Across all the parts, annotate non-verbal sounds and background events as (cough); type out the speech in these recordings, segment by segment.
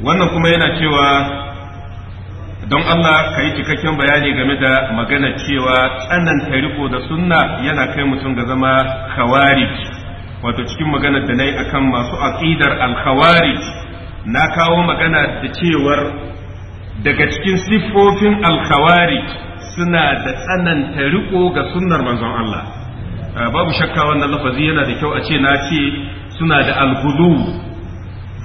wannan kuma yana cewa don Allah ka yi cikakken bayani game da magana cewa tsanan tariko da sunna yana kai mutum ga zama khawarij wato cikin maganar da na yi akan masu aqidar al-khawarij na kawo magana da cewar daga cikin siffofin al-khawarij suna da tsanan tariko ga sunnar manzon Allah babu shakka wannan lafazi yana da kyau a ce na ce suna da al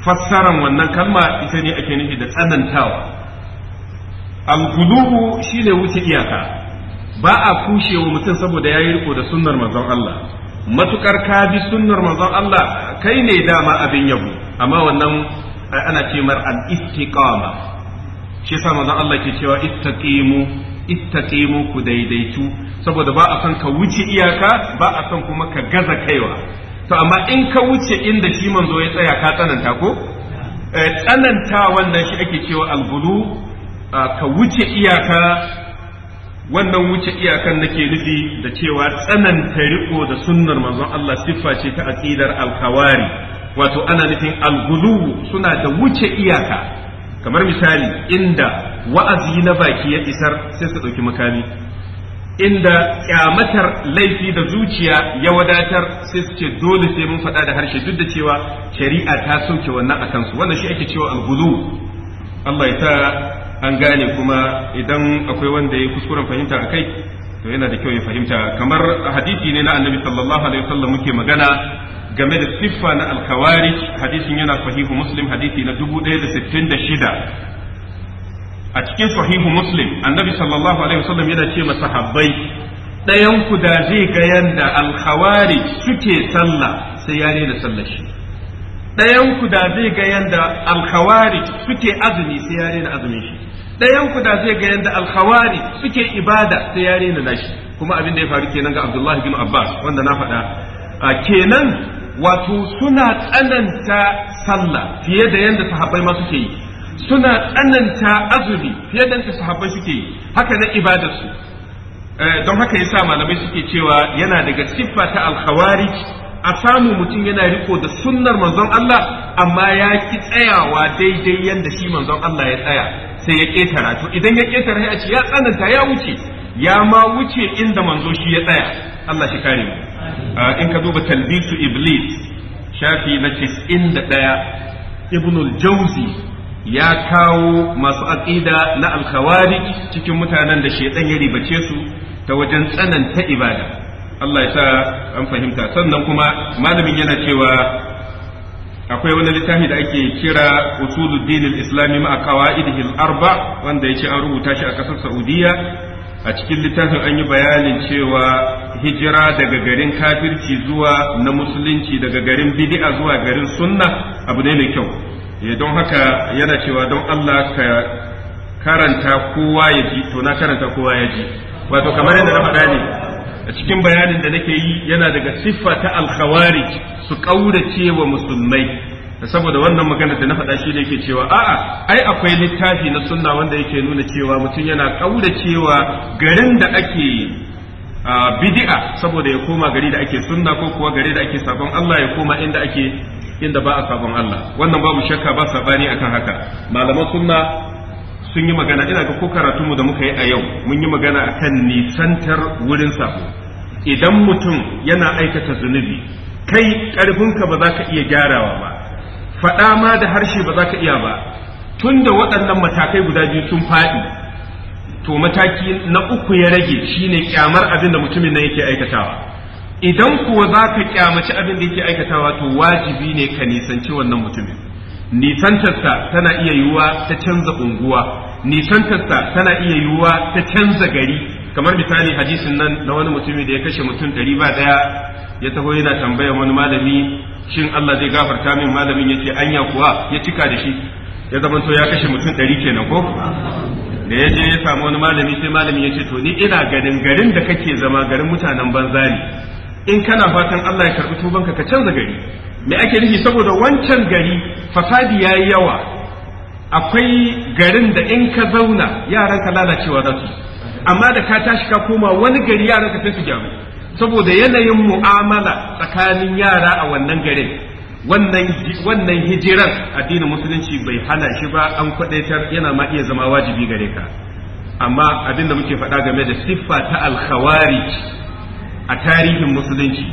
fassaran wannan kalma ita ne ake nufi da tsanantawa al-gulubu shine wuce iyaka ba a kushewa mutum saboda yayi riko da sunnar manzon Allah matukar ka bi sunnar manzon Allah kai ne dama abin yabo amma wannan eh, ana ce mar al-istiqama shi yasa manzon Allah ke cewa ittaqimu ittaqimu ku daidaitu saboda ba a son ka wuce iyaka ba a son kuma ka gaza kaiwa to amma in ka wuce inda shi manzo ya tsaya ka tsananta ko eh, tsananta wannan shi ake cewa algulu ka wuce iyaka wannan wuce iyakan nake nufi da cewa tsananta riko da sunnar manzon Allah siffa ce ta aqidar alkawari wato ana nufin algulu suna da wuce iyaka kamar misali inda wa'azi na baki ya isar sai su ɗauki makami inda kyamatar laifi da zuciya ya wadatar sai su ce dole sai mun faɗa da harshe duk da cewa shari'a ta sauke wannan a kansu wannan shi ake cewa algulu Allah ya sa an gane kuma idan akwai wanda ya kuskuren fahimta a kai to yana da kyau ya fahimta kamar hadisi ne na annabi sallallahu alaihi wasallam muke magana game da siffa na alkawari. hadisin yana sahihu muslim hadisi na 1066 a cikin sahihu muslim annabi sallallahu alaihi wasallam yana ce masa habbai ɗayan ku da zai ga yanda alkhawari suke sallah sai ya da sallar shi ɗayan ku da zai ga yanda alkhawari suke azumi sai ya da azumin shi ɗayan ku da zai ga yanda alkhawari suke ibada sai ya da nashi kuma abin da ya faru kenan ga Abdullahi bin Abbas wanda na faɗa kenan wato suna tsananta sallah fiye da yanda sahabbai ma suke yi suna tsananta azumi fiye da sahabbai suke yi haka na ibadarsu eh, don haka yasa malamai suke cewa yana daga siffa ta alkhawarij a samu mutum yana riko da sunnar manzon Allah amma ya ki tsayawa daidai yadda shi manzon Allah ya tsaya sai ya ketara to idan ya ketara ya ce ya tsananta ya wuce ya ma wuce inda manzo shi ya tsaya Allah shi kare mu ah, in ka duba talbisu iblis shafi na 91 ibnul jawzi ya kawo masu aqida na alkawari cikin mutanen da shaidan ya ribace su ta wajen tsananta ibada Allah ya sa an fahimta sannan kuma malamin yana cewa akwai wani littafi da ake kira usuluddin al-islami ma qawaidihi al-arba wanda yace an rubuta shi a kasar Saudiya a cikin littafin an yi bayanin cewa hijira daga garin kafirci zuwa na musulunci daga garin bid'a zuwa garin sunna abu ne mai kyau Eh, don haka yana cewa don Allah ka karanta kowa ya ji to na karanta kowa ya ji wato kamar yadda na faɗa ne a cikin bayanin da nake yi yana daga siffa ta alkhawarij su kaurace wa musulmai saboda wannan magana da na faɗa shi ne yake cewa a'a ai akwai littafi na sunna wanda yake nuna cewa mutum yana ƙauracewa garin da ake bid'a saboda ya koma gari da ake sunna ko kuwa gari da ake sabon Allah ya koma inda ake inda ba a sabon Allah wannan babu shakka ba sabani akan haka malaman sunna sun yi magana ina ga ko karatun mu da muka yi a yau mun yi magana akan nisantar wurin sabo idan mutum yana aikata zunubi kai ƙarfinka ba za ka iya gyarawa ba faɗa ma da harshe ba za ka iya ba tunda waɗannan matakai guda biyu sun faɗi to mataki na uku ya rage shine kyamar abin da mutumin nan yake aikatawa idan kuwa za ka kyamaci abin da yake aikatawa to wajibi ne ka nisanci wannan mutumin nisantarsa tana iya yiwuwa ta canza unguwa nisantarsa tana iya yiwuwa ta canza gari kamar misali hadisin nan na wani mutumi da ya kashe mutum ɗari ba ɗaya ya taho yana tambayar wani malami shin Allah zai gafarta min malamin yace anya kuwa ya cika da shi ya zama to ya kashe mutum ɗari kenan ko da ya je ya samu wani malami sai malamin ya ce to ni ina ganin garin da kake zama garin mutanen banza ne in kana fatan Allah ya karbi tubanka ka canza gari me ake nufi saboda wancan gari fasadi ya yi yawa akwai garin da in ka zauna yaran ka lalacewa za su amma da ka tashi ka koma wani gari yaran ka su gyaru saboda yanayin mu'amala tsakanin yara a wannan garin wannan wannan hijiran addinin musulunci bai hana shi ba an kwadaitar yana ma iya zama wajibi gare ka amma abin da muke faɗa game da siffa ta alkhawarij a tarihin musulunci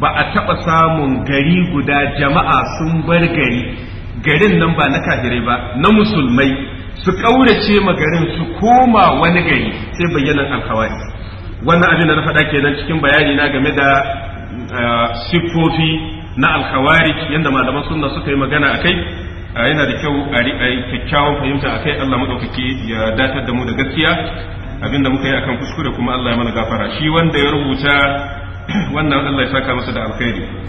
ba a taɓa samun gari guda jama'a sun bar gari garin nan ba na kafirai ba na musulmai su ƙaurace ma garin su koma wani gari sai bayyana alkawari wannan abin da na faɗa kenan cikin bayani na game da eh, siffofi na alkawari yadda malaman sunna suka yi magana a kai eh, yana da kyau a kyakkyawan fahimta a kai Allah maɗaukaki ya datar da mu da gaskiya abinda muka yi akan kuskure kuma Allah ya mana gafara shi wanda ya rubuta (clears throat) wannan Allah ya saka masa da alkhairi